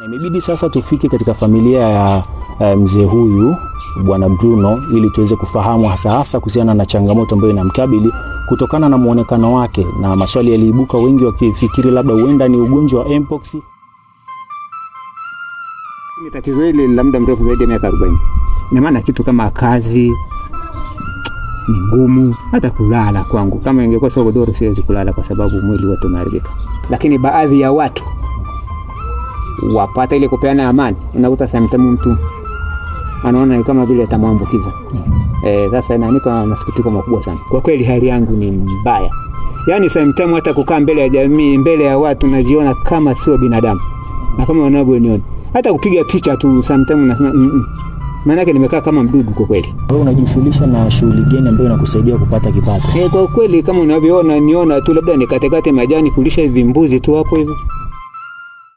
Na imebidi sasa tufike katika familia ya eh, mzee huyu Bwana Bruno ili tuweze kufahamu hasa hasa kuhusiana na changamoto ambayo inamkabili kutokana na muonekano wake, na maswali yaliibuka, wengi wakifikiri labda huenda ni ugonjwa wa mpox. Ni tatizo hili la muda mrefu zaidi ya miaka 40. Ina maana kitu kama kazi ni ngumu, hata kulala kwangu, kama ingekuwa sio godoro siwezi kulala kwa sababu mwili wote unaharibika. lakini baadhi ya watu wapata ile kupeana amani, unakuta samtamu mtu anaona ni kama vile atamwambukiza. Mm-hmm. Eh, sasa inanipa masikitiko makubwa sana kwa kweli, hali yangu ni mbaya, yaani samtamu hata kukaa mbele ya jamii, mbele ya watu najiona kama sio binadamu, na kama wanavyoniona hata kupiga picha tu samtamu nasema mm -mm. Maana yake nimekaa kama mdudu kwa kweli. Wewe unajishughulisha na shughuli gani ambayo inakusaidia kupata kipato? Eh, kwa kweli kama unavyoona niona tu labda nikatekate majani kulisha hivi mbuzi tu hapo hivi.